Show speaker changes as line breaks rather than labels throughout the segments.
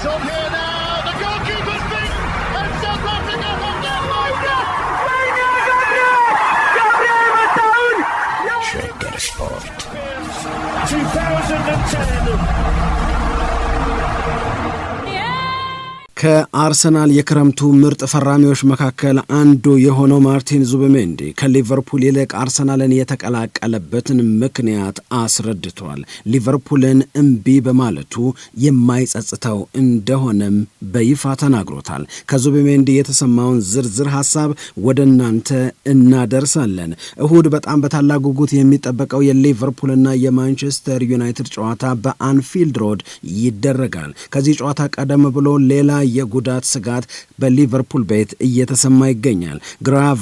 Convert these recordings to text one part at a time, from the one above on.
It's okay. ከአርሰናል የክረምቱ ምርጥ ፈራሚዎች መካከል አንዱ የሆነው ማርቲን ዙብሜንዲ ከሊቨርፑል ይልቅ አርሰናልን የተቀላቀለበትን ምክንያት አስረድቷል። ሊቨርፑልን እምቢ በማለቱ የማይጸጽተው እንደሆነም በይፋ ተናግሮታል። ከዙብሜንዲ የተሰማውን ዝርዝር ሀሳብ ወደ እናንተ እናደርሳለን። እሁድ በጣም በታላቅ ጉጉት የሚጠበቀው የሊቨርፑልና የማንቸስተር ዩናይትድ ጨዋታ በአንፊልድ ሮድ ይደረጋል። ከዚህ ጨዋታ ቀደም ብሎ ሌላ የጉዳት ስጋት በሊቨርፑል ቤት እየተሰማ ይገኛል።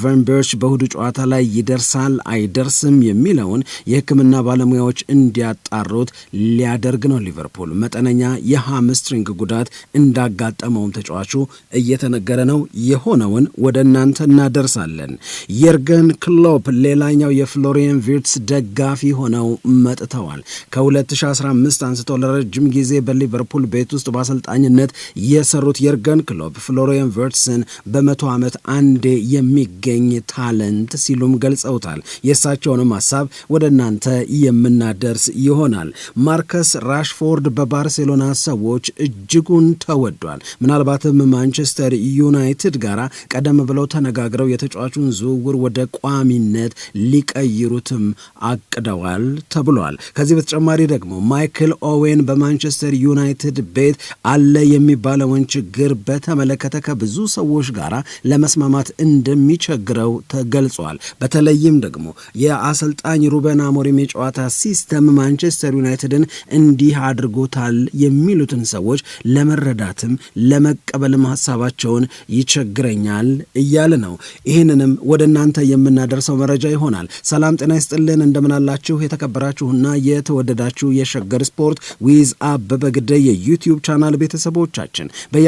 ቨንበርች በእሁዱ ጨዋታ ላይ ይደርሳል አይደርስም የሚለውን የሕክምና ባለሙያዎች እንዲያጣሩት ሊያደርግ ነው። ሊቨርፑል መጠነኛ የሃምስትሪንግ ጉዳት እንዳጋጠመውም ተጫዋቹ እየተነገረ ነው። የሆነውን ወደ እናንተ እናደርሳለን። የርገን ክሎፕ ሌላኛው የፍሎሪየን ቪርትስ ደጋፊ ሆነው መጥተዋል። ከ2015 አንስቶ ለረጅም ጊዜ በሊቨርፑል ቤት ውስጥ በአሰልጣኝነት የሰሩት ያሉት የርገን ክሎፕ ፍሎሪየን ቨርትስን በመቶ ዓመት አንዴ የሚገኝ ታለንት ሲሉም ገልጸውታል። የእሳቸውንም ሀሳብ ወደ እናንተ የምናደርስ ይሆናል። ማርከስ ራሽፎርድ በባርሴሎና ሰዎች እጅጉን ተወዷል። ምናልባትም ማንቸስተር ዩናይትድ ጋር ቀደም ብለው ተነጋግረው የተጫዋቹን ዝውውር ወደ ቋሚነት ሊቀይሩትም አቅደዋል ተብሏል። ከዚህ በተጨማሪ ደግሞ ማይክል ኦዌን በማንቸስተር ዩናይትድ ቤት አለ የሚባለውን ችግር ችግር በተመለከተ ከብዙ ሰዎች ጋር ለመስማማት እንደሚቸግረው ተገልጿል። በተለይም ደግሞ የአሰልጣኝ ሩበን አሞሪም የጨዋታ ሲስተም ማንቸስተር ዩናይትድን እንዲህ አድርጎታል የሚሉትን ሰዎች ለመረዳትም ለመቀበልም ሀሳባቸውን ይቸግረኛል እያለ ነው። ይህንንም ወደ እናንተ የምናደርሰው መረጃ ይሆናል። ሰላም ጤና ይስጥልን፣ እንደምናላችሁ የተከበራችሁና የተወደዳችሁ የሸገር ስፖርት ዊዝ አበበ ግደይ የዩቲዩብ ቻናል ቤተሰቦቻችን በያ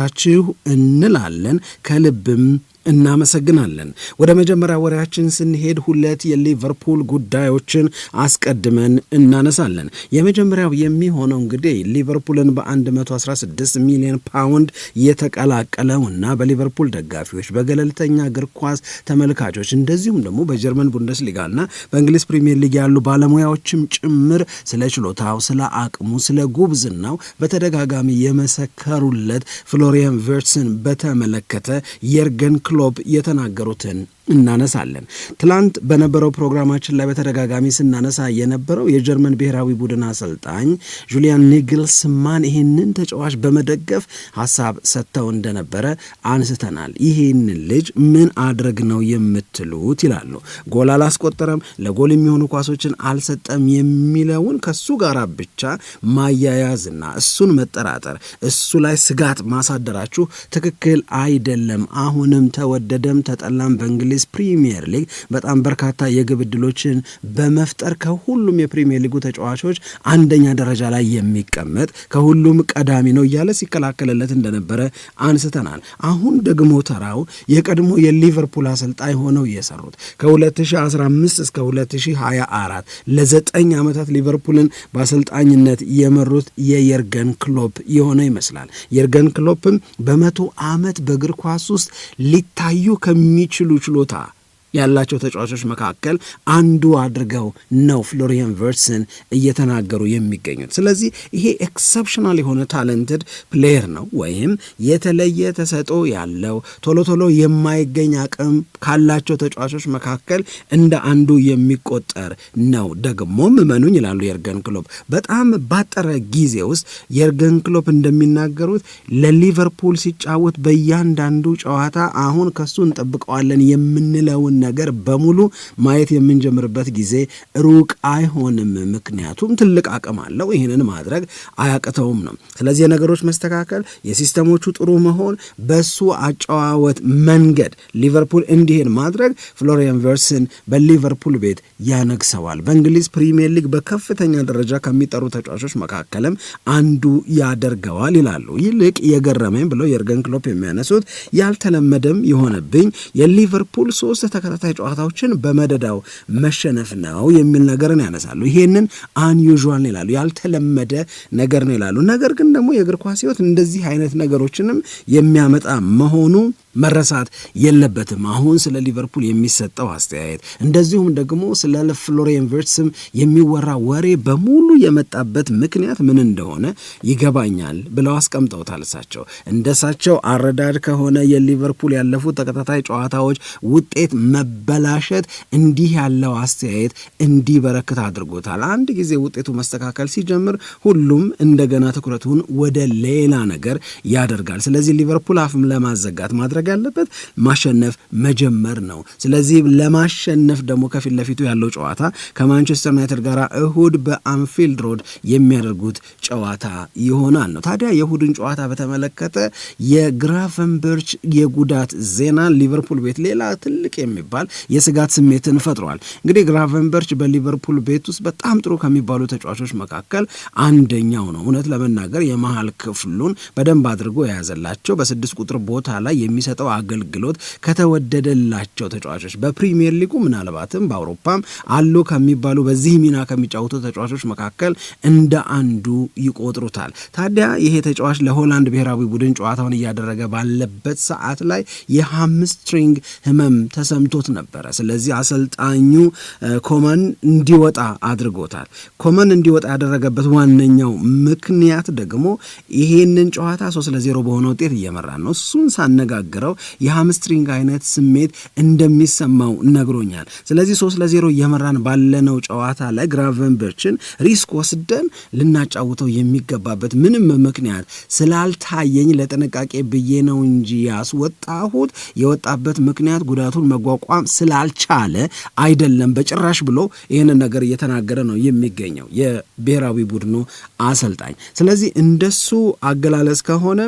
ያድርሳችሁ እንላለን ከልብም እናመሰግናለን። ወደ መጀመሪያ ወሬያችን ስንሄድ ሁለት የሊቨርፑል ጉዳዮችን አስቀድመን እናነሳለን። የመጀመሪያው የሚሆነው እንግዲህ ሊቨርፑልን በ116 ሚሊዮን ፓውንድ የተቀላቀለው እና በሊቨርፑል ደጋፊዎች፣ በገለልተኛ እግር ኳስ ተመልካቾች እንደዚሁም ደግሞ በጀርመን ቡንደስሊጋ እና በእንግሊዝ ፕሪምየር ሊግ ያሉ ባለሙያዎችም ጭምር ስለ ችሎታው፣ ስለ አቅሙ፣ ስለ ጉብዝናው በተደጋጋሚ የመሰከሩለት ፍሎሪየን ቨርትስን በተመለከተ የርገን ክሎብ የተናገሩትን እናነሳለን። ትላንት በነበረው ፕሮግራማችን ላይ በተደጋጋሚ ስናነሳ የነበረው የጀርመን ብሔራዊ ቡድን አሰልጣኝ ጁሊያን ኒግልስማን ይህንን ተጫዋች በመደገፍ ሀሳብ ሰጥተው እንደነበረ አንስተናል። ይህንን ልጅ ምን አድረግ ነው የምትሉት ይላሉ። ጎል አላስቆጠረም፣ ለጎል የሚሆኑ ኳሶችን አልሰጠም የሚለውን ከሱ ጋር ብቻ ማያያዝና እሱን መጠራጠር፣ እሱ ላይ ስጋት ማሳደራችሁ ትክክል አይደለም። አሁንም ተወደደም ተጠላም በእንግሊ እንግሊዝ ፕሪሚየር ሊግ በጣም በርካታ የግብ ዕድሎችን በመፍጠር ከሁሉም የፕሪሚየር ሊጉ ተጫዋቾች አንደኛ ደረጃ ላይ የሚቀመጥ ከሁሉም ቀዳሚ ነው እያለ ሲከላከልለት እንደነበረ አንስተናል። አሁን ደግሞ ተራው የቀድሞ የሊቨርፑል አሰልጣኝ ሆነው የሰሩት ከ2015 እስከ 2024 ለዘጠኝ ዓመታት ሊቨርፑልን በአሰልጣኝነት የመሩት የየርገን ክሎፕ የሆነ ይመስላል። የርገን ክሎፕም በመቶ ዓመት በእግር ኳስ ውስጥ ሊታዩ ከሚችሉ ችሎ Bogotá. ያላቸው ተጫዋቾች መካከል አንዱ አድርገው ነው ፍሎሪየን ቨርትስን እየተናገሩ የሚገኙት። ስለዚህ ይሄ ኤክሰፕሽናል የሆነ ታለንትድ ፕሌየር ነው ወይም የተለየ ተሰጦ ያለው ቶሎ ቶሎ የማይገኝ አቅም ካላቸው ተጫዋቾች መካከል እንደ አንዱ የሚቆጠር ነው። ደግሞም እመኑኝ ይላሉ የርገን ክሎፕ በጣም ባጠረ ጊዜ ውስጥ የርገን ክሎፕ እንደሚናገሩት ለሊቨርፑል ሲጫወት በእያንዳንዱ ጨዋታ አሁን ከሱ እንጠብቀዋለን የምንለውን ነገር በሙሉ ማየት የምንጀምርበት ጊዜ ሩቅ አይሆንም። ምክንያቱም ትልቅ አቅም አለው፣ ይህንን ማድረግ አያቅተውም ነው። ስለዚህ የነገሮች መስተካከል፣ የሲስተሞቹ ጥሩ መሆን፣ በሱ አጨዋወት መንገድ ሊቨርፑል እንዲሄን ማድረግ ፍሎሪያን ቨርስን በሊቨርፑል ቤት ያነግሰዋል። በእንግሊዝ ፕሪሚየር ሊግ በከፍተኛ ደረጃ ከሚጠሩ ተጫዋቾች መካከልም አንዱ ያደርገዋል ይላሉ። ይልቅ የገረመኝ ብለው የርገን ክሎፕ የሚያነሱት ያልተለመደም የሆነብኝ የሊቨርፑል ሶስት ተከታታይ ጨዋታዎችን በመደዳው መሸነፍ ነው የሚል ነገርን ያነሳሉ። ይሄንን አንዩዥዋል ነው ይላሉ፣ ያልተለመደ ነገር ነው ይላሉ። ነገር ግን ደግሞ የእግር ኳስ ህይወት እንደዚህ አይነት ነገሮችንም የሚያመጣ መሆኑ መረሳት የለበትም። አሁን ስለ ሊቨርፑል የሚሰጠው አስተያየት እንደዚሁም ደግሞ ስለ ፍሎሪያን ቨርትስም የሚወራ ወሬ በሙሉ የመጣበት ምክንያት ምን እንደሆነ ይገባኛል ብለው አስቀምጠውታል። እሳቸው እንደ አረዳድ ከሆነ የሊቨርፑል ያለፉት ተከታታይ ጨዋታዎች ውጤት መበላሸት እንዲህ ያለው አስተያየት እንዲበረክት አድርጎታል። አንድ ጊዜ ውጤቱ መስተካከል ሲጀምር ሁሉም እንደገና ትኩረቱን ወደ ሌላ ነገር ያደርጋል። ስለዚህ ሊቨርፑል አፍም ለማዘጋት ማድረግ ማድረግ ያለበት ማሸነፍ መጀመር ነው። ስለዚህ ለማሸነፍ ደግሞ ከፊት ለፊቱ ያለው ጨዋታ ከማንቸስተር ዩናይትድ ጋር እሁድ በአንፊልድ ሮድ የሚያደርጉት ጨዋታ ይሆናል ነው። ታዲያ የእሁድን ጨዋታ በተመለከተ የግራፈንበርች የጉዳት ዜና ሊቨርፑል ቤት ሌላ ትልቅ የሚባል የስጋት ስሜትን ፈጥሯል። እንግዲህ ግራቨንበርች በሊቨርፑል ቤት ውስጥ በጣም ጥሩ ከሚባሉ ተጫዋቾች መካከል አንደኛው ነው። እውነት ለመናገር የመሀል ክፍሉን በደንብ አድርጎ የያዘላቸው በስድስት ቁጥር ቦታ ላይ የሚሰ የሚሰጠው አገልግሎት ከተወደደላቸው ተጫዋቾች በፕሪሚየር ሊጉ ምናልባትም በአውሮፓም አሉ ከሚባሉ በዚህ ሚና ከሚጫወቱ ተጫዋቾች መካከል እንደ አንዱ ይቆጥሩታል። ታዲያ ይሄ ተጫዋች ለሆላንድ ብሔራዊ ቡድን ጨዋታውን እያደረገ ባለበት ሰዓት ላይ የሃምስትሪንግ ህመም ተሰምቶት ነበረ። ስለዚህ አሰልጣኙ ኮመን እንዲወጣ አድርጎታል። ኮመን እንዲወጣ ያደረገበት ዋነኛው ምክንያት ደግሞ ይሄንን ጨዋታ ሶስት ለዜሮ በሆነ ውጤት እየመራ ነው። እሱን ሳነጋገር ስነግረው የሃምስትሪንግ አይነት ስሜት እንደሚሰማው ነግሮኛል። ስለዚህ ሶስት ለዜሮ እየመራን ባለነው ጨዋታ ላይ ግራቨንበርችን ሪስክ ወስደን ልናጫውተው የሚገባበት ምንም ምክንያት ስላልታየኝ ለጥንቃቄ ብዬ ነው እንጂ ያስወጣሁት የወጣበት ምክንያት ጉዳቱን መቋቋም ስላልቻለ አይደለም በጭራሽ ብሎ ይህንን ነገር እየተናገረ ነው የሚገኘው የብሔራዊ ቡድኑ አሰልጣኝ። ስለዚህ እንደሱ አገላለጽ ከሆነ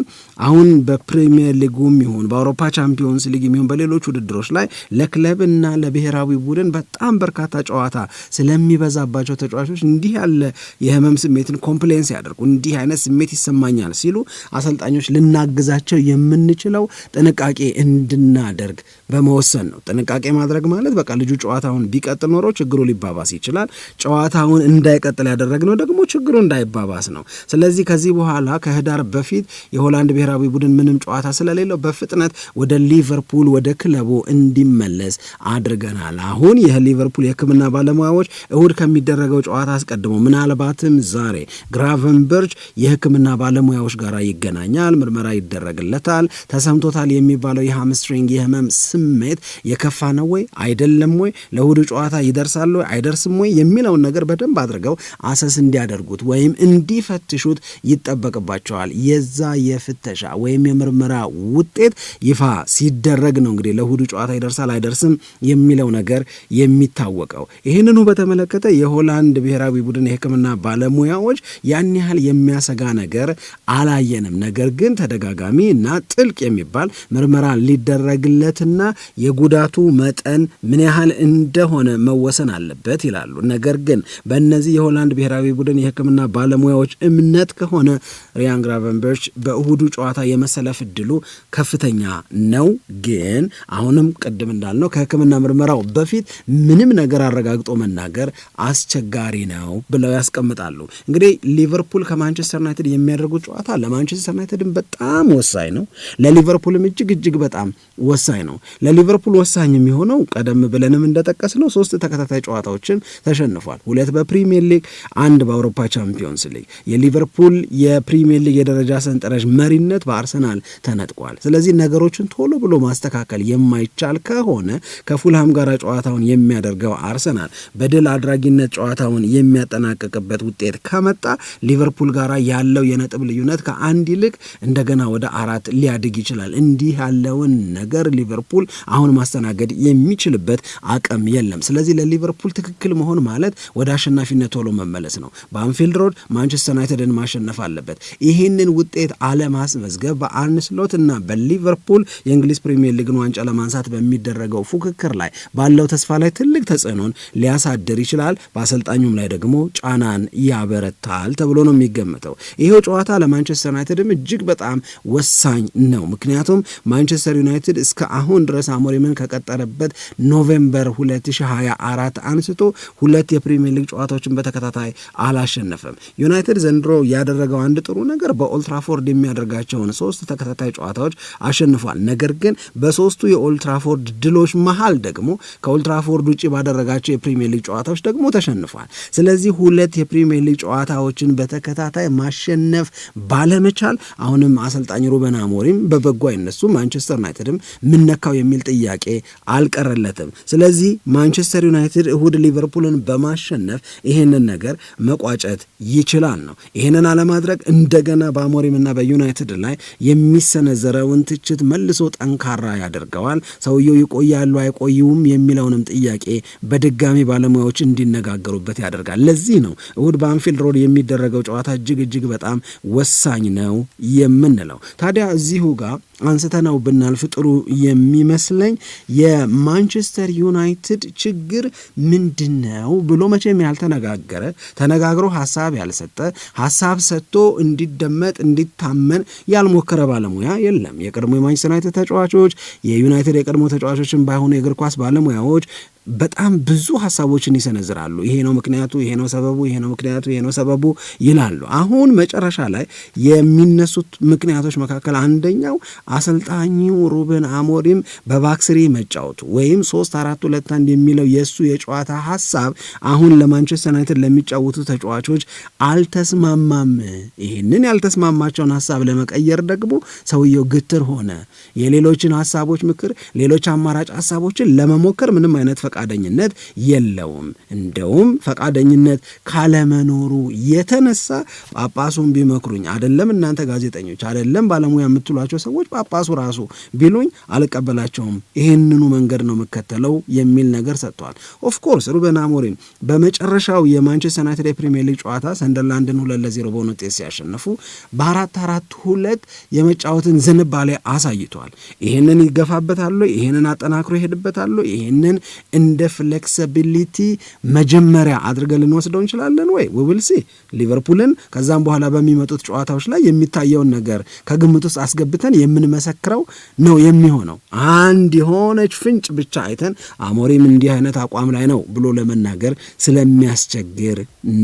አሁን በፕሪሚየር ሊጉም ይሁን በአውሮፓ ቻምፒዮንስ ሊግ የሚሆን በሌሎች ውድድሮች ላይ ለክለብ እና ለብሔራዊ ቡድን በጣም በርካታ ጨዋታ ስለሚበዛባቸው ተጫዋቾች እንዲህ ያለ የህመም ስሜትን ኮምፕሌንስ ያደርጉ እንዲህ አይነት ስሜት ይሰማኛል ሲሉ አሰልጣኞች ልናግዛቸው የምንችለው ጥንቃቄ እንድናደርግ በመወሰን ነው። ጥንቃቄ ማድረግ ማለት በቃ ልጁ ጨዋታውን ቢቀጥል ኖሮ ችግሩ ሊባባስ ይችላል። ጨዋታውን እንዳይቀጥል ያደረግነው ደግሞ ችግሩ እንዳይባባስ ነው። ስለዚህ ከዚህ በኋላ ከህዳር በፊት የሆላንድ ብሔራዊ ቡድን ምንም ጨዋታ ስለሌለው በፍጥነት ወደ ሊቨርፑል ወደ ክለቡ እንዲመለስ አድርገናል። አሁን ይህ ሊቨርፑል የሕክምና ባለሙያዎች እሁድ ከሚደረገው ጨዋታ አስቀድሞ ምናልባትም ዛሬ ግራቨንበርች የሕክምና ባለሙያዎች ጋር ይገናኛል፣ ምርመራ ይደረግለታል። ተሰምቶታል የሚባለው የሃምስትሪንግ የህመም ስም ስሜት የከፋ ነው ወይ አይደለም ወይ ለእሁዱ ጨዋታ ይደርሳል ወይ አይደርስም ወይ የሚለውን ነገር በደንብ አድርገው አሰስ እንዲያደርጉት ወይም እንዲፈትሹት ይጠበቅባቸዋል። የዛ የፍተሻ ወይም የምርመራ ውጤት ይፋ ሲደረግ ነው እንግዲህ ለሁዱ ጨዋታ ይደርሳል አይደርስም የሚለው ነገር የሚታወቀው። ይህንኑ በተመለከተ የሆላንድ ብሔራዊ ቡድን የሕክምና ባለሙያዎች ያን ያህል የሚያሰጋ ነገር አላየንም፣ ነገር ግን ተደጋጋሚ እና ጥልቅ የሚባል ምርመራ ሊደረግለትና እና የጉዳቱ መጠን ምን ያህል እንደሆነ መወሰን አለበት ይላሉ። ነገር ግን በእነዚህ የሆላንድ ብሔራዊ ቡድን የሕክምና ባለሙያዎች እምነት ከሆነ ሪያን ግራቨንበርች በእሁዱ ጨዋታ የመሰለፍ እድሉ ከፍተኛ ነው። ግን አሁንም ቅድም እንዳልነው ከሕክምና ምርመራው በፊት ምንም ነገር አረጋግጦ መናገር አስቸጋሪ ነው ብለው ያስቀምጣሉ። እንግዲህ ሊቨርፑል ከማንቸስተር ዩናይትድ የሚያደርጉት ጨዋታ ለማንቸስተር ዩናይትድም በጣም ወሳኝ ነው፣ ለሊቨርፑልም እጅግ እጅግ በጣም ወሳኝ ነው። ለሊቨርፑል ወሳኝ የሚሆነው ቀደም ብለንም እንደጠቀስ ነው ሶስት ተከታታይ ጨዋታዎችን ተሸንፏል። ሁለት በፕሪሚየር ሊግ፣ አንድ በአውሮፓ ቻምፒዮንስ ሊግ። የሊቨርፑል የፕሪሚየር ሊግ የደረጃ ሰንጠረዥ መሪነት በአርሰናል ተነጥቋል። ስለዚህ ነገሮችን ቶሎ ብሎ ማስተካከል የማይቻል ከሆነ ከፉልሃም ጋር ጨዋታውን የሚያደርገው አርሰናል በድል አድራጊነት ጨዋታውን የሚያጠናቅቅበት ውጤት ከመጣ ሊቨርፑል ጋር ያለው የነጥብ ልዩነት ከአንድ ይልቅ እንደገና ወደ አራት ሊያድግ ይችላል። እንዲህ ያለውን ነገር ሊቨርፑል ሊቨርፑል አሁን ማስተናገድ የሚችልበት አቅም የለም። ስለዚህ ለሊቨርፑል ትክክል መሆን ማለት ወደ አሸናፊነት ቶሎ መመለስ ነው። በአንፊልድ ሮድ ማንቸስተር ዩናይትድን ማሸነፍ አለበት። ይህንን ውጤት አለማስመዝገብ በአርነ ስሎት እና በሊቨርፑል የእንግሊዝ ፕሪሚየር ሊግን ዋንጫ ለማንሳት በሚደረገው ፉክክር ላይ ባለው ተስፋ ላይ ትልቅ ተጽዕኖን ሊያሳድር ይችላል። በአሰልጣኙም ላይ ደግሞ ጫናን ያበረታል ተብሎ ነው የሚገመተው። ይሄው ጨዋታ ለማንቸስተር ዩናይትድም እጅግ በጣም ወሳኝ ነው። ምክንያቱም ማንቸስተር ዩናይትድ እስከ አሁን ድረስ አሞሪምን ከቀጠረበት ኖቬምበር 2024 አንስቶ ሁለት የፕሪሚየር ሊግ ጨዋታዎችን በተከታታይ አላሸነፈም። ዩናይትድ ዘንድሮ ያደረገው አንድ ጥሩ ነገር በኦልትራፎርድ የሚያደርጋቸውን ሶስት ተከታታይ ጨዋታዎች አሸንፏል። ነገር ግን በሶስቱ የኦልትራፎርድ ድሎች መሀል ደግሞ ከኦልትራፎርድ ውጭ ባደረጋቸው የፕሪሚየር ሊግ ጨዋታዎች ደግሞ ተሸንፏል። ስለዚህ ሁለት የፕሪሚየር ሊግ ጨዋታዎችን በተከታታይ ማሸነፍ ባለመቻል አሁንም አሰልጣኝ ሩበን አሞሪም በበጎ አይነሱ ማንቸስተር ዩናይትድም ምነካው የሚል ጥያቄ አልቀረለትም። ስለዚህ ማንቸስተር ዩናይትድ እሁድ ሊቨርፑልን በማሸነፍ ይሄንን ነገር መቋጨት ይችላል ነው። ይሄንን አለማድረግ እንደገና በአሞሪምና በዩናይትድ ላይ የሚሰነዘረውን ትችት መልሶ ጠንካራ ያደርገዋል። ሰውየው ይቆያሉ አይቆዩም የሚለውንም ጥያቄ በድጋሚ ባለሙያዎች እንዲነጋገሩበት ያደርጋል። ለዚህ ነው እሁድ በአንፊልድ ሮድ የሚደረገው ጨዋታ እጅግ እጅግ በጣም ወሳኝ ነው የምንለው። ታዲያ እዚሁ ጋር አንስተነው ብናልፍ ጥሩ የሚመ የሚመስለኝ የማንቸስተር ዩናይትድ ችግር ምንድን ነው ብሎ መቼም ያልተነጋገረ ተነጋግሮ ሀሳብ ያልሰጠ ሀሳብ ሰጥቶ እንዲደመጥ እንዲታመን ያልሞከረ ባለሙያ የለም። የቀድሞ የማንቸስተር ዩናይትድ ተጫዋቾች የዩናይትድ የቀድሞ ተጫዋቾችን ባይሆኑ የእግር ኳስ ባለሙያዎች በጣም ብዙ ሀሳቦችን ይሰነዝራሉ። ይሄ ነው ምክንያቱ፣ ይሄ ነው ሰበቡ፣ ይሄ ነው ምክንያቱ፣ ይሄ ነው ሰበቡ ይላሉ። አሁን መጨረሻ ላይ የሚነሱት ምክንያቶች መካከል አንደኛው አሰልጣኙ ሩበን አሞሪም በባክስሪ መጫወቱ ወይም ሶስት አራት ሁለት አንድ የሚለው የእሱ የጨዋታ ሀሳብ አሁን ለማንቸስተር ዩናይትድ ለሚጫወቱ ተጫዋቾች አልተስማማም። ይህንን ያልተስማማቸውን ሀሳብ ለመቀየር ደግሞ ሰውየው ግትር ሆነ። የሌሎችን ሀሳቦች ምክር፣ ሌሎች አማራጭ ሀሳቦችን ለመሞከር ምንም አይነት ፈቃደኝነት የለውም። እንደውም ፈቃደኝነት ካለመኖሩ የተነሳ ጳጳሱን ቢመክሩኝ አይደለም እናንተ ጋዜጠኞች፣ አይደለም ባለሙያ የምትሏቸው ሰዎች ጳጳሱ ራሱ ቢሉኝ አልቀበላቸውም፣ ይህንኑ መንገድ ነው የምከተለው የሚል ነገር ሰጥተዋል። ኦፍኮርስ ሩበን አሞሪም በመጨረሻው የማንቸስተር ዩናይትድ የፕሪሚየር ሊግ ጨዋታ ሰንደርላንድን ሁለት ለዜሮ በሆነ ውጤት ሲያሸንፉ በአራት አራት ሁለት የመጫወትን ዝንባሌ አሳይቷል። ይህንን ይገፋበታሉ፣ ይህንን አጠናክሮ ይሄድበታሉ፣ ይህንን እንደ ፍሌክሲቢሊቲ መጀመሪያ አድርገን ልንወስደው እንችላለን ወይ ሲ ሊቨርፑልን ከዛም በኋላ በሚመጡት ጨዋታዎች ላይ የሚታየውን ነገር ከግምት ውስጥ አስገብተን የምንመሰክረው ነው የሚሆነው። አንድ የሆነች ፍንጭ ብቻ አይተን አሞሪም እንዲህ አይነት አቋም ላይ ነው ብሎ ለመናገር ስለሚያስቸግር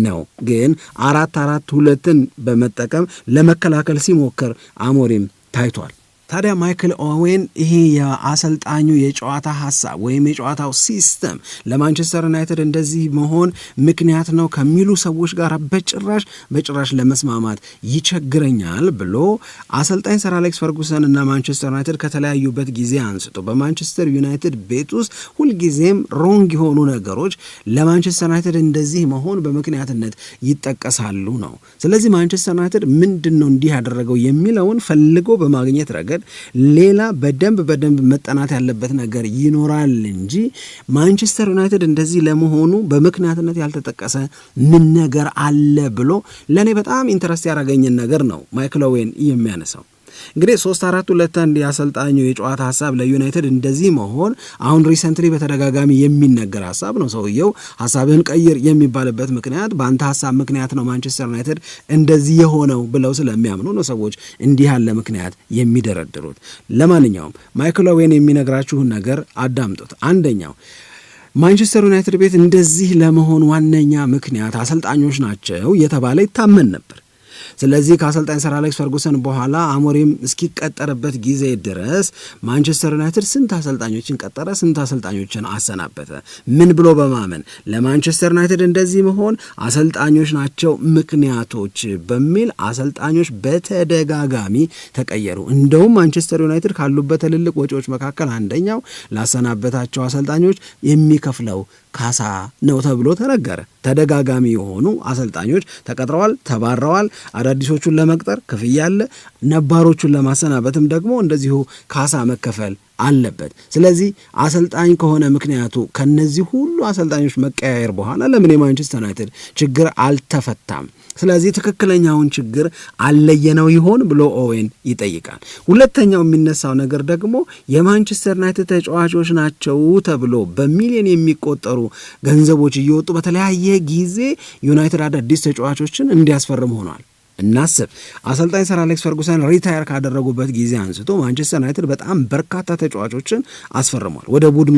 ነው። ግን አራት አራት ሁለትን በመጠቀም ለመከላከል ሲሞክር አሞሪም ታይቷል። ታዲያ ማይክል ኦዌን ይሄ የአሰልጣኙ የጨዋታ ሀሳብ ወይም የጨዋታው ሲስተም ለማንቸስተር ዩናይትድ እንደዚህ መሆን ምክንያት ነው ከሚሉ ሰዎች ጋር በጭራሽ በጭራሽ ለመስማማት ይቸግረኛል ብሎ አሰልጣኝ ሰር አሌክስ ፈርጉሰን እና ማንቸስተር ዩናይትድ ከተለያዩበት ጊዜ አንስቶ በማንቸስተር ዩናይትድ ቤት ውስጥ ሁልጊዜም ሮንግ የሆኑ ነገሮች ለማንቸስተር ዩናይትድ እንደዚህ መሆን በምክንያትነት ይጠቀሳሉ ነው። ስለዚህ ማንቸስተር ዩናይትድ ምንድን ነው እንዲህ ያደረገው የሚለውን ፈልጎ በማግኘት ረገድ ነገር ሌላ በደንብ በደንብ መጠናት ያለበት ነገር ይኖራል እንጂ ማንቸስተር ዩናይትድ እንደዚህ ለመሆኑ በምክንያትነት ያልተጠቀሰ ምን ነገር አለ ብሎ ለእኔ በጣም ኢንተረስት ያደረገኝን ነገር ነው ማይክል ኦዌን የሚያነሳው። እንግዲህ ሶስት አራት ሁለት አንድ የአሰልጣኙ የጨዋታ ሀሳብ ለዩናይትድ እንደዚህ መሆን አሁን ሪሰንትሊ በተደጋጋሚ የሚነገር ሀሳብ ነው። ሰውየው ሀሳብህን ቀይር የሚባልበት ምክንያት በአንተ ሀሳብ ምክንያት ነው ማንቸስተር ዩናይትድ እንደዚህ የሆነው ብለው ስለሚያምኑ ነው ሰዎች እንዲህ ያለ ምክንያት የሚደረድሩት። ለማንኛውም ማይክል ኦዌን የሚነግራችሁን ነገር አዳምጡት። አንደኛው ማንቸስተር ዩናይትድ ቤት እንደዚህ ለመሆን ዋነኛ ምክንያት አሰልጣኞች ናቸው የተባለ ይታመን ነበር። ስለዚህ ከአሰልጣኝ ሰር አሌክስ ፈርጉሰን በኋላ አሞሪም እስኪቀጠርበት ጊዜ ድረስ ማንቸስተር ዩናይትድ ስንት አሰልጣኞችን ቀጠረ? ስንት አሰልጣኞችን አሰናበተ? ምን ብሎ በማመን ለማንቸስተር ዩናይትድ እንደዚህ መሆን አሰልጣኞች ናቸው ምክንያቶች በሚል አሰልጣኞች በተደጋጋሚ ተቀየሩ። እንደውም ማንቸስተር ዩናይትድ ካሉበት ትልልቅ ወጪዎች መካከል አንደኛው ላሰናበታቸው አሰልጣኞች የሚከፍለው ካሳ ነው ተብሎ ተነገረ። ተደጋጋሚ የሆኑ አሰልጣኞች ተቀጥረዋል፣ ተባረዋል። አዳዲሶቹን ለመቅጠር ክፍያ አለ፣ ነባሮቹን ለማሰናበትም ደግሞ እንደዚሁ ካሳ መከፈል አለበት። ስለዚህ አሰልጣኝ ከሆነ ምክንያቱ ከነዚህ ሁሉ አሰልጣኞች መቀያየር በኋላ ለምን የማንቸስተር ዩናይትድ ችግር አልተፈታም? ስለዚህ ትክክለኛውን ችግር አለየነው ይሆን ብሎ ኦዌን ይጠይቃል። ሁለተኛው የሚነሳው ነገር ደግሞ የማንቸስተር ዩናይትድ ተጫዋቾች ናቸው ተብሎ በሚሊዮን የሚቆጠሩ ገንዘቦች እየወጡ በተለያየ ጊዜ ዩናይትድ አዳዲስ ተጫዋቾችን እንዲያስፈርም ሆኗል። እናስብ። አሰልጣኝ ሰር አሌክስ ፈርጉሰን ሪታየር ካደረጉበት ጊዜ አንስቶ ማንቸስተር ዩናይትድ በጣም በርካታ ተጫዋቾችን አስፈርሟል፣ ወደ ቡድኑ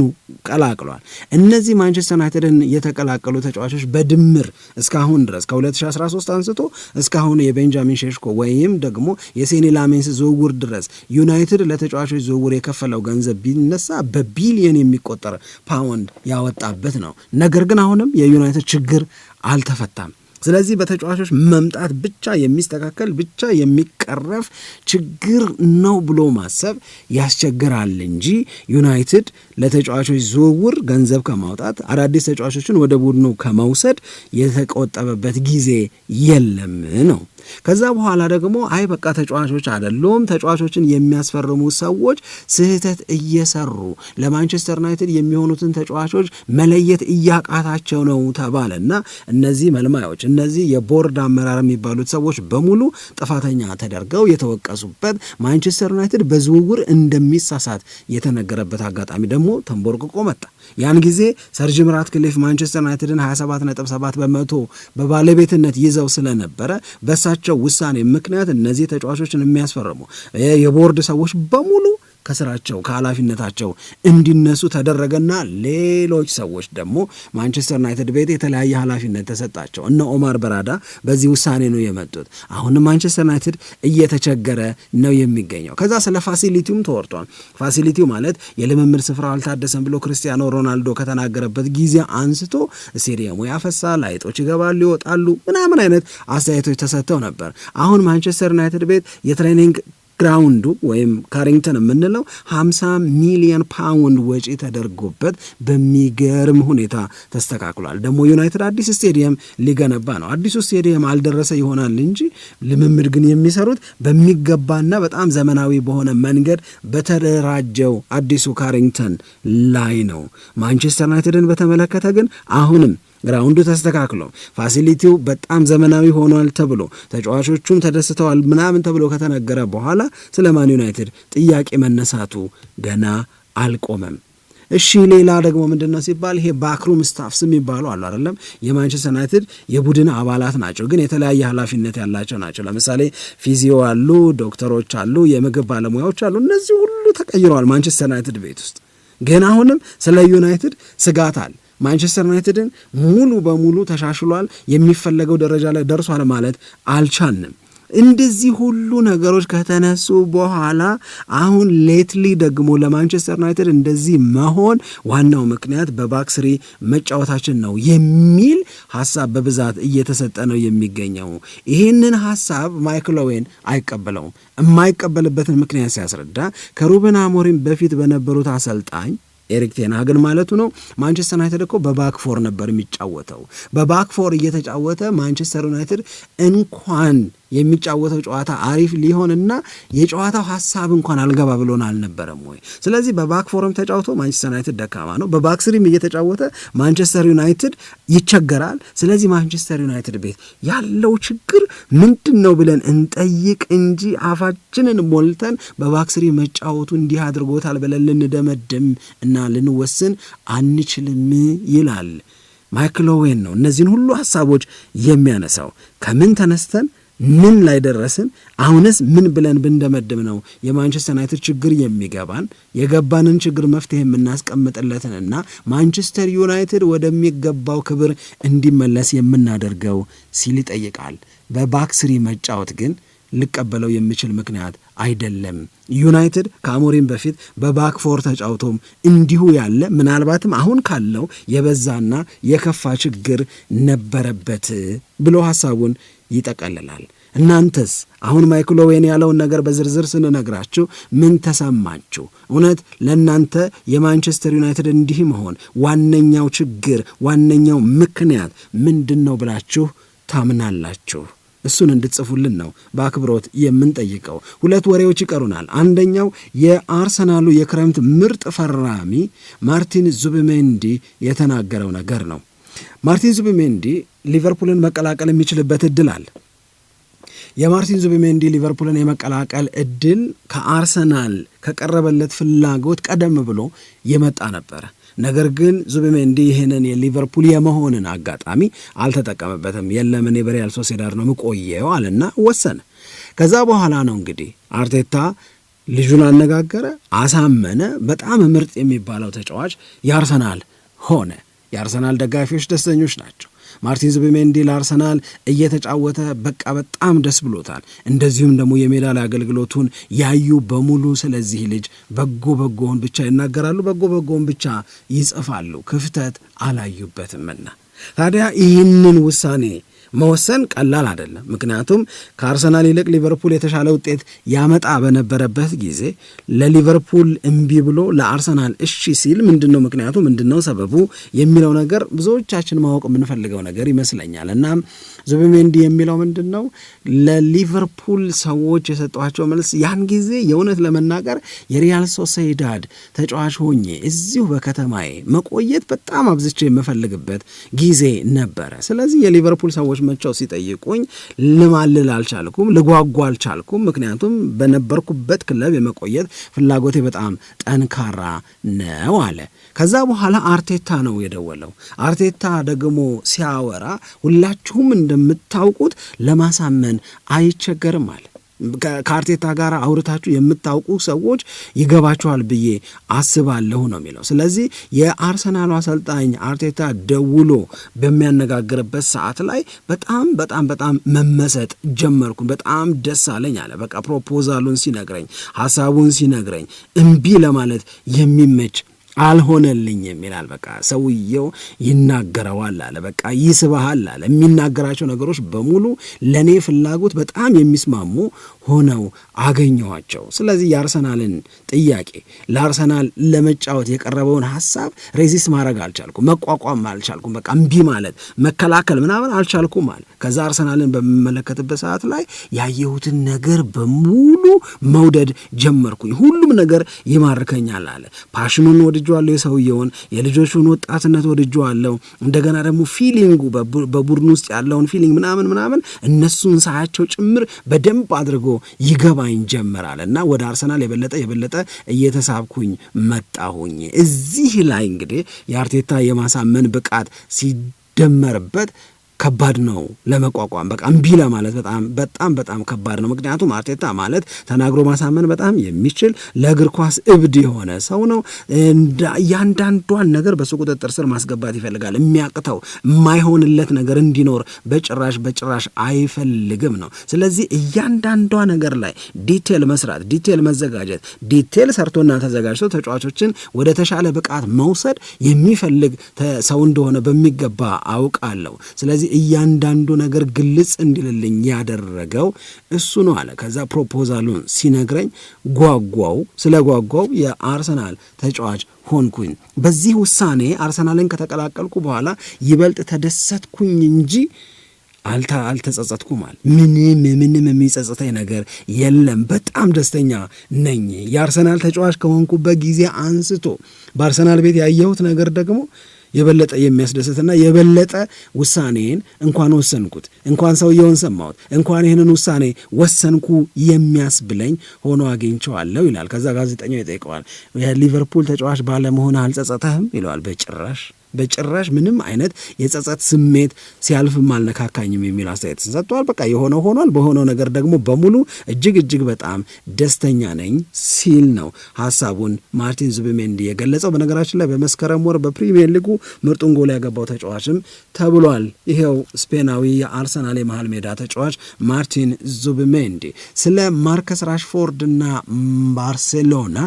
ቀላቅሏል። እነዚህ ማንቸስተር ዩናይትድን የተቀላቀሉ ተጫዋቾች በድምር እስካሁን ድረስ ከ2013 አንስቶ እስካሁን የቤንጃሚን ሼሽኮ ወይም ደግሞ የሴኒ ላሜንስ ዝውውር ድረስ ዩናይትድ ለተጫዋቾች ዝውውር የከፈለው ገንዘብ ቢነሳ በቢሊየን የሚቆጠር ፓውንድ ያወጣበት ነው። ነገር ግን አሁንም የዩናይትድ ችግር አልተፈታም። ስለዚህ በተጫዋቾች መምጣት ብቻ የሚስተካከል ብቻ የሚቀረፍ ችግር ነው ብሎ ማሰብ ያስቸግራል እንጂ ዩናይትድ ለተጫዋቾች ዝውውር ገንዘብ ከማውጣት አዳዲስ ተጫዋቾችን ወደ ቡድኑ ከመውሰድ የተቆጠበበት ጊዜ የለም ነው። ከዛ በኋላ ደግሞ አይ በቃ ተጫዋቾች አይደሉም ተጫዋቾችን የሚያስፈርሙ ሰዎች ስህተት እየሰሩ ለማንቸስተር ዩናይትድ የሚሆኑትን ተጫዋቾች መለየት እያቃታቸው ነው ተባለ እና እነዚህ መልማዮች እነዚህ የቦርድ አመራር የሚባሉት ሰዎች በሙሉ ጥፋተኛ ተደርገው የተወቀሱበት ማንቸስተር ዩናይትድ በዝውውር እንደሚሳሳት የተነገረበት አጋጣሚ ደግሞ ተንቦርቅቆ መጣ። ያን ጊዜ ሰር ጂም ራትክሊፍ ማንቸስተር ዩናይትድን 27.7 በመቶ በባለቤትነት ይዘው ስለነበረ በሳቸው በራሳቸው ውሳኔ ምክንያት እነዚህ ተጫዋቾችን የሚያስፈርሙ የቦርድ ሰዎች በሙሉ ከስራቸው ከኃላፊነታቸው እንዲነሱ ተደረገና ሌሎች ሰዎች ደግሞ ማንቸስተር ዩናይትድ ቤት የተለያየ ኃላፊነት ተሰጣቸው። እነ ኦማር በራዳ በዚህ ውሳኔ ነው የመጡት። አሁንም ማንቸስተር ዩናይትድ እየተቸገረ ነው የሚገኘው። ከዛ ስለ ፋሲሊቲውም ተወርቷል። ፋሲሊቲው ማለት የልምምድ ስፍራው አልታደሰም ብሎ ክርስቲያኖ ሮናልዶ ከተናገረበት ጊዜ አንስቶ ስቴዲየሙ ያፈሳል፣ አይጦች ይገባሉ፣ ይወጣሉ ምናምን አይነት አስተያየቶች ተሰጥተው ነበር። አሁን ማንቸስተር ዩናይትድ ቤት የትሬኒንግ ግራውንዱ ወይም ካሪንግተን የምንለው 50 ሚሊዮን ፓውንድ ወጪ ተደርጎበት በሚገርም ሁኔታ ተስተካክሏል። ደግሞ ዩናይትድ አዲስ ስቴዲየም ሊገነባ ነው። አዲሱ ስቴዲየም አልደረሰ ይሆናል እንጂ ልምምድ ግን የሚሰሩት በሚገባና በጣም ዘመናዊ በሆነ መንገድ በተደራጀው አዲሱ ካሪንግተን ላይ ነው። ማንቸስተር ዩናይትድን በተመለከተ ግን አሁንም ግራውንዱ ተስተካክሎ ፋሲሊቲው በጣም ዘመናዊ ሆኗል ተብሎ ተጫዋቾቹም ተደስተዋል ምናምን ተብሎ ከተነገረ በኋላ ስለ ማን ዩናይትድ ጥያቄ መነሳቱ ገና አልቆመም። እሺ ሌላ ደግሞ ምንድን ነው ሲባል ይሄ ባክሩም ስታፍስ የሚባሉ አሉ አይደለም። የማንቸስተር ዩናይትድ የቡድን አባላት ናቸው፣ ግን የተለያየ ኃላፊነት ያላቸው ናቸው። ለምሳሌ ፊዚዮ አሉ፣ ዶክተሮች አሉ፣ የምግብ ባለሙያዎች አሉ። እነዚህ ሁሉ ተቀይረዋል። ማንቸስተር ዩናይትድ ቤት ውስጥ ግን አሁንም ስለ ዩናይትድ ስጋት አለ። ማንቸስተር ዩናይትድን ሙሉ በሙሉ ተሻሽሏል፣ የሚፈለገው ደረጃ ላይ ደርሷል ማለት አልቻልንም። እንደዚህ ሁሉ ነገሮች ከተነሱ በኋላ አሁን ሌትሊ ደግሞ ለማንቸስተር ዩናይትድ እንደዚህ መሆን ዋናው ምክንያት በባክስሪ መጫወታችን ነው የሚል ሀሳብ በብዛት እየተሰጠ ነው የሚገኘው። ይህንን ሀሳብ ማይክል ኦዌን አይቀበለውም። የማይቀበልበትን ምክንያት ሲያስረዳ ከሩበን አሞሪም በፊት በነበሩት አሰልጣኝ ኤሪክ ቴንሃግን ማለቱ ነው። ማንቸስተር ዩናይትድ እኮ በባክፎር ነበር የሚጫወተው። በባክፎር እየተጫወተ ማንቸስተር ዩናይትድ እንኳን የሚጫወተው ጨዋታ አሪፍ ሊሆን እና የጨዋታው ሀሳብ እንኳን አልገባ ብሎን አልነበረም ወይ? ስለዚህ በባክ ፎረም ተጫውቶ ማንቸስተር ዩናይትድ ደካማ ነው፣ በባክ ስሪም እየተጫወተ ማንቸስተር ዩናይትድ ይቸገራል። ስለዚህ ማንቸስተር ዩናይትድ ቤት ያለው ችግር ምንድን ነው ብለን እንጠይቅ እንጂ አፋችንን ሞልተን በባክ ስሪ መጫወቱ እንዲህ አድርጎታል ብለን ልንደመድም እና ልንወስን አንችልም ይላል ማይክል ኦዌን ነው እነዚህን ሁሉ ሀሳቦች የሚያነሳው ከምን ተነስተን ምን ላይ ደረስን? አሁንስ ምን ብለን ብንደመድም ነው የማንቸስተር ዩናይትድ ችግር የሚገባን የገባንን ችግር መፍትሄ የምናስቀምጥለትንና ማንቸስተር ዩናይትድ ወደሚገባው ክብር እንዲመለስ የምናደርገው ሲል ይጠይቃል። በባክስሪ መጫወት ግን ልቀበለው የሚችል ምክንያት አይደለም። ዩናይትድ ከአሞሪም በፊት በባክፎር ተጫውቶም እንዲሁ ያለ ምናልባትም አሁን ካለው የበዛና የከፋ ችግር ነበረበት ብሎ ሀሳቡን ይጠቀልላል። እናንተስ አሁን ማይክል ኦዌን ያለውን ነገር በዝርዝር ስንነግራችሁ ምን ተሰማችሁ? እውነት ለእናንተ የማንቸስተር ዩናይትድ እንዲህ መሆን ዋነኛው ችግር ዋነኛው ምክንያት ምንድን ነው ብላችሁ ታምናላችሁ? እሱን እንድትጽፉልን ነው በአክብሮት የምንጠይቀው። ሁለት ወሬዎች ይቀሩናል። አንደኛው የአርሰናሉ የክረምት ምርጥ ፈራሚ ማርቲን ዙብሜንዲ የተናገረው ነገር ነው። ማርቲን ዙብሜንዲ ሊቨርፑልን መቀላቀል የሚችልበት እድል አለ። የማርቲን ዙቢሜንዲ ሊቨርፑልን የመቀላቀል እድል ከአርሰናል ከቀረበለት ፍላጎት ቀደም ብሎ የመጣ ነበረ። ነገር ግን ዙቢሜንዲ ይህንን የሊቨርፑል የመሆንን አጋጣሚ አልተጠቀመበትም። የለም እኔ በሪያል ሶሴዳድ ነው የምቆየው አለና ወሰነ። ከዛ በኋላ ነው እንግዲህ አርቴታ ልጁን አነጋገረ፣ አሳመነ። በጣም ምርጥ የሚባለው ተጫዋች የአርሰናል ሆነ። የአርሰናል ደጋፊዎች ደስተኞች ናቸው። ማርቲን ዙቢሜንዲ ለአርሰናል እየተጫወተ በቃ በጣም ደስ ብሎታል። እንደዚሁም ደግሞ የሜዳ ላይ አገልግሎቱን ያዩ በሙሉ ስለዚህ ልጅ በጎ በጎውን ብቻ ይናገራሉ፣ በጎ በጎውን ብቻ ይጽፋሉ፣ ክፍተት አላዩበትምና ታዲያ ይህንን ውሳኔ መወሰን ቀላል አይደለም። ምክንያቱም ከአርሰናል ይልቅ ሊቨርፑል የተሻለ ውጤት ያመጣ በነበረበት ጊዜ ለሊቨርፑል እምቢ ብሎ ለአርሰናል እሺ ሲል ምንድን ነው ምክንያቱ ምንድን ነው ሰበቡ የሚለው ነገር ብዙዎቻችን ማወቅ የምንፈልገው ነገር ይመስለኛል። እና ዙቢሜንዲ የሚለው ምንድን ነው ለሊቨርፑል ሰዎች የሰጧቸው መልስ ያን ጊዜ የእውነት ለመናገር የሪያል ሶሴዳድ ተጫዋች ሆኜ እዚሁ በከተማዬ መቆየት በጣም አብዝቼ የምፈልግበት ጊዜ ነበረ። ስለዚህ የሊቨርፑል ሰዎች መቸው ሲጠይቁኝ ልማልል አልቻልኩም፣ ልጓጓ አልቻልኩም። ምክንያቱም በነበርኩበት ክለብ የመቆየት ፍላጎቴ በጣም ጠንካራ ነው አለ። ከዛ በኋላ አርቴታ ነው የደወለው። አርቴታ ደግሞ ሲያወራ ሁላችሁም እንደምታውቁት ለማሳመን አይቸገርም አለ። ከአርቴታ ጋር አውርታችሁ የምታውቁ ሰዎች ይገባችኋል ብዬ አስባለሁ ነው የሚለው። ስለዚህ የአርሰናሉ አሰልጣኝ አርቴታ ደውሎ በሚያነጋግርበት ሰዓት ላይ በጣም በጣም በጣም መመሰጥ ጀመርኩ። በጣም ደስ አለኝ አለ። በቃ ፕሮፖዛሉን ሲነግረኝ፣ ሀሳቡን ሲነግረኝ እምቢ ለማለት የሚመች አልሆነልኝም ይላል። በቃ ሰውየው ይናገረዋል አለ፣ በቃ ይስበሃል አለ። የሚናገራቸው ነገሮች በሙሉ ለእኔ ፍላጎት በጣም የሚስማሙ ሆነው አገኘኋቸው። ስለዚህ የአርሰናልን ጥያቄ ለአርሰናል ለመጫወት የቀረበውን ሀሳብ ሬዚስት ማድረግ አልቻልኩም፣ መቋቋም አልቻልኩም። በቃ እምቢ ማለት መከላከል ምናምን አልቻልኩም ማለት ከዛ አርሰናልን በምመለከትበት ሰዓት ላይ ያየሁትን ነገር በሙሉ መውደድ ጀመርኩኝ። ሁሉም ነገር ይማርከኛል አለ። ፓሽኑን ወድጀዋለሁ፣ የሰውየውን የልጆቹን ወጣትነት ወድጄዋለሁ። እንደገና ደግሞ ፊሊንጉ በቡድን ውስጥ ያለውን ፊሊንግ ምናምን ምናምን እነሱን ሳያቸው ጭምር በደንብ አድርጎ ይገባኝ ጀመራል እና ወደ አርሰናል የበለጠ የበለጠ እየተሳብኩኝ መጣሁኝ። እዚህ ላይ እንግዲህ የአርቴታ የማሳመን ብቃት ሲደመርበት ከባድ ነው ለመቋቋም፣ በቃ እምቢ ለማለት በጣም በጣም በጣም ከባድ ነው። ምክንያቱም አርቴታ ማለት ተናግሮ ማሳመን በጣም የሚችል ለእግር ኳስ እብድ የሆነ ሰው ነው። እያንዳንዷን ነገር በሱ ቁጥጥር ስር ማስገባት ይፈልጋል። የሚያቅተው የማይሆንለት ነገር እንዲኖር በጭራሽ በጭራሽ አይፈልግም ነው። ስለዚህ እያንዳንዷ ነገር ላይ ዲቴል መስራት፣ ዲቴል መዘጋጀት፣ ዲቴል ሰርቶና ተዘጋጅቶ ተጫዋቾችን ወደ ተሻለ ብቃት መውሰድ የሚፈልግ ሰው እንደሆነ በሚገባ አውቃለሁ። ስለዚህ እያንዳንዱ ነገር ግልጽ እንዲልልኝ ያደረገው እሱ ነው አለ። ከዛ ፕሮፖዛሉን ሲነግረኝ ጓጓው። ስለ ጓጓው የአርሰናል ተጫዋች ሆንኩኝ። በዚህ ውሳኔ አርሰናልን ከተቀላቀልኩ በኋላ ይበልጥ ተደሰትኩኝ እንጂ አልታ አልተጸጸትኩም አለ። ምንም ምንም የሚጸጸተኝ ነገር የለም። በጣም ደስተኛ ነኝ። የአርሰናል ተጫዋች ከሆንኩበት ጊዜ አንስቶ በአርሰናል ቤት ያየሁት ነገር ደግሞ የበለጠ የሚያስደስትና የበለጠ ውሳኔን እንኳን ወሰንኩት፣ እንኳን ሰውየውን ሰማሁት፣ እንኳን ይህንን ውሳኔ ወሰንኩ የሚያስብለኝ ሆኖ አግኝቼዋለሁ ይላል። ከዛ ጋዜጠኛው ይጠይቀዋል፣ የሊቨርፑል ተጫዋች ባለመሆን አልጸጸተህም? ይለዋል። በጭራሽ በጭራሽ ምንም አይነት የጸጸት ስሜት ሲያልፍም አልነካካኝም የሚል አስተያየት ሰጥተዋል። በቃ የሆነው ሆኗል፣ በሆነው ነገር ደግሞ በሙሉ እጅግ እጅግ በጣም ደስተኛ ነኝ ሲል ነው ሀሳቡን ማርቲን ዙብሜንዲ የገለጸው። በነገራችን ላይ በመስከረም ወር በፕሪሚየር ሊጉ ምርጡን ጎል ያገባው ተጫዋችም ተብሏል። ይሄው ስፔናዊ የአርሰናል የመሃል ሜዳ ተጫዋች ማርቲን ዙብሜንዲ ስለ ማርከስ ራሽፎርድና ባርሴሎና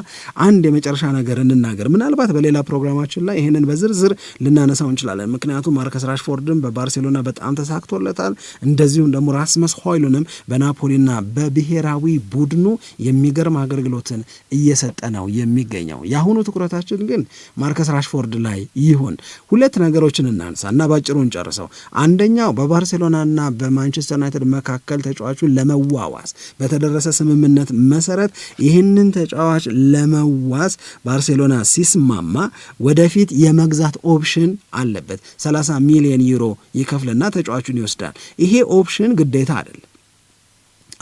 አንድ የመጨረሻ ነገር እንናገር። ምናልባት በሌላ ፕሮግራማችን ላይ ይህንን በዝርዝር ልናነሳው እንችላለን። ምክንያቱም ማርከስ ራሽፎርድን በባርሴሎና በጣም ተሳክቶለታል። እንደዚሁም ደግሞ ራስመስ ሆይሉንም በናፖሊና በብሔራዊ ቡድኑ የሚገርም አገልግሎትን እየሰጠ ነው የሚገኘው። የአሁኑ ትኩረታችን ግን ማርከስ ራሽፎርድ ላይ ይሁን። ሁለት ነገሮችን እናንሳ እና ባጭሩ ጨርሰው። አንደኛው በባርሴሎናና በማንቸስተር ዩናይትድ መካከል ተጫዋቹን ለመዋዋስ በተደረሰ ስምምነት መሰረት ይህንን ተጫዋች ለመዋስ ባርሴሎና ሲስማማ ወደፊት የመግዛት ኦፕ ኦፕሽን አለበት። 30 ሚሊዮን ዩሮ ይከፍልና ተጫዋቹን ይወስዳል። ይሄ ኦፕሽን ግዴታ አይደለም።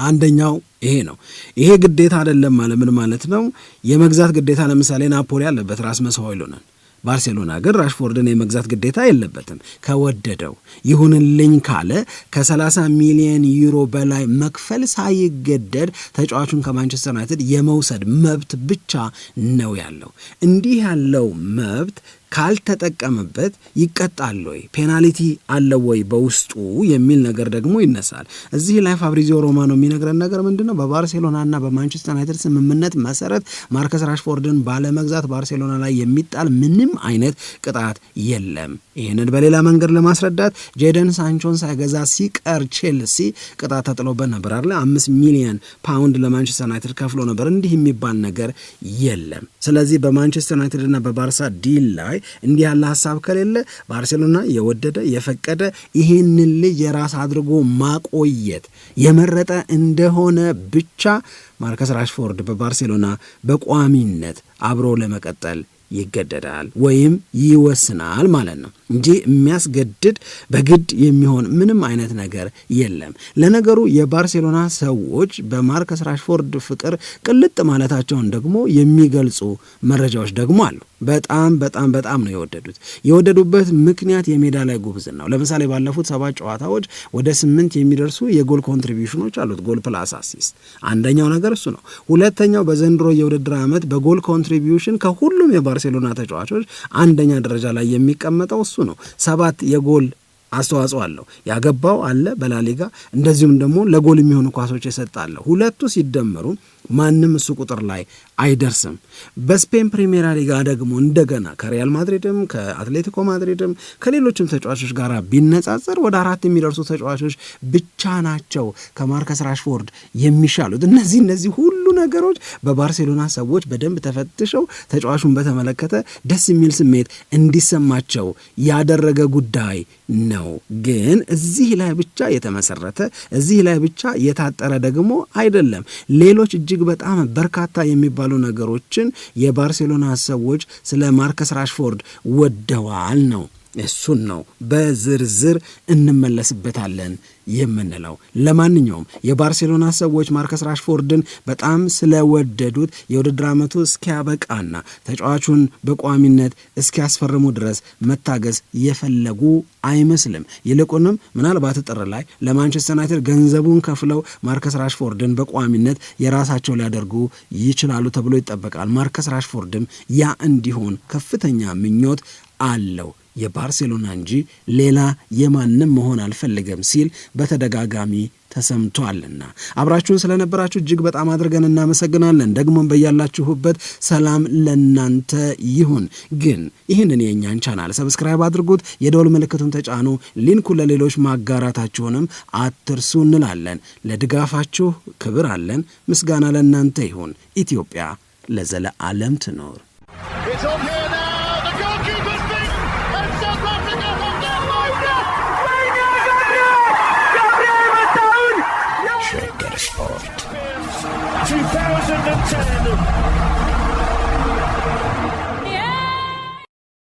አንደኛው ይሄ ነው። ይሄ ግዴታ አይደለም ማለት ምን ማለት ነው? የመግዛት ግዴታ ለምሳሌ ናፖሊ አለበት ራስመስ ሆይሉንድን። ባርሴሎና ግን ራሽፎርድን የመግዛት ግዴታ የለበትም። ከወደደው ይሁንልኝ ካለ ከ30 ሚሊዮን ዩሮ በላይ መክፈል ሳይገደድ ተጫዋቹን ከማንቸስተር ዩናይትድ የመውሰድ መብት ብቻ ነው ያለው። እንዲህ ያለው መብት ካልተጠቀምበት ይቀጣል ወይ ፔናልቲ አለው ወይ በውስጡ የሚል ነገር ደግሞ ይነሳል። እዚህ ላይ ፋብሪዚዮ ሮማኖ የሚነግረን ነገር ምንድን ነው? በባርሴሎናና በማንቸስተር ዩናይትድ ስምምነት መሰረት ማርከስ ራሽፎርድን ባለመግዛት ባርሴሎና ላይ የሚጣል ምንም አይነት ቅጣት የለም። ይህንን በሌላ መንገድ ለማስረዳት ጄደን ሳንቾን ሳይገዛ ሲቀር ቼልሲ ቅጣት ተጥሎበት ነበር አይደል? አምስት ሚሊዮን ፓውንድ ለማንቸስተር ዩናይትድ ከፍሎ ነበር። እንዲህ የሚባል ነገር የለም። ስለዚህ በማንቸስተር ዩናይትድና በባርሳ ዲል ላይ እንዲህ ያለ ሀሳብ ከሌለ ባርሴሎና የወደደ የፈቀደ ይህንን ልጅ የራስ አድርጎ ማቆየት የመረጠ እንደሆነ ብቻ ማርከስ ራሽፎርድ በባርሴሎና በቋሚነት አብሮ ለመቀጠል ይገደዳል ወይም ይወስናል ማለት ነው እንጂ የሚያስገድድ በግድ የሚሆን ምንም አይነት ነገር የለም። ለነገሩ የባርሴሎና ሰዎች በማርከስ ራሽፎርድ ፍቅር ቅልጥ ማለታቸውን ደግሞ የሚገልጹ መረጃዎች ደግሞ አሉ። በጣም በጣም በጣም ነው የወደዱት። የወደዱበት ምክንያት የሜዳ ላይ ጉብዝን ነው። ለምሳሌ ባለፉት ሰባት ጨዋታዎች ወደ ስምንት የሚደርሱ የጎል ኮንትሪቢሽኖች አሉት፣ ጎል ፕላስ አሲስት። አንደኛው ነገር እሱ ነው። ሁለተኛው በዘንድሮ የውድድር ዓመት በጎል ኮንትሪቢሽን ከሁሉም የባር የባርሴሎና ተጫዋቾች አንደኛ ደረጃ ላይ የሚቀመጠው እሱ ነው። ሰባት የጎል አስተዋጽኦ አለው። ያገባው አለ በላሊጋ እንደዚሁም ደግሞ ለጎል የሚሆኑ ኳሶች የሰጣለሁ ሁለቱ ሲደመሩ ማንም እሱ ቁጥር ላይ አይደርስም። በስፔን ፕሪሜራ ሊጋ ደግሞ እንደገና ከሪያል ማድሪድም ከአትሌቲኮ ማድሪድም ከሌሎችም ተጫዋቾች ጋር ቢነጻጸር ወደ አራት የሚደርሱ ተጫዋቾች ብቻ ናቸው ከማርከስ ራሽፎርድ የሚሻሉት። እነዚህ እነዚህ ሁሉ ነገሮች በባርሴሎና ሰዎች በደንብ ተፈትሸው ተጫዋቹን በተመለከተ ደስ የሚል ስሜት እንዲሰማቸው ያደረገ ጉዳይ ነው። ግን እዚህ ላይ ብቻ የተመሰረተ እዚህ ላይ ብቻ የታጠረ ደግሞ አይደለም። ሌሎች እጅግ በጣም በርካታ የሚባሉ ነገሮችን የባርሴሎና ሰዎች ስለ ማርከስ ራሽፎርድ ወደዋል ነው። እሱን ነው በዝርዝር እንመለስበታለን። የምንለው ለማንኛውም የባርሴሎና ሰዎች ማርከስ ራሽፎርድን በጣም ስለወደዱት የውድድር ዓመቱ እስኪያበቃና ተጫዋቹን በቋሚነት እስኪያስፈርሙ ድረስ መታገስ የፈለጉ አይመስልም። ይልቁንም ምናልባት ጥር ላይ ለማንቸስተር ዩናይትድ ገንዘቡን ከፍለው ማርከስ ራሽፎርድን በቋሚነት የራሳቸው ሊያደርጉ ይችላሉ ተብሎ ይጠበቃል። ማርከስ ራሽፎርድም ያ እንዲሆን ከፍተኛ ምኞት አለው። የባርሴሎና እንጂ ሌላ የማንም መሆን አልፈልገም ሲል በተደጋጋሚ ተሰምቷልና አብራችሁን ስለነበራችሁ እጅግ በጣም አድርገን እናመሰግናለን። ደግሞም በያላችሁበት ሰላም ለናንተ ይሁን። ግን ይህንን የእኛን ቻናል ሰብስክራይብ አድርጉት፣ የደወል ምልክቱን ተጫኑ፣ ሊንኩ ለሌሎች ማጋራታችሁንም አትርሱ እንላለን። ለድጋፋችሁ ክብር አለን። ምስጋና ለእናንተ ይሁን። ኢትዮጵያ ለዘለዓለም ትኖር። Montana.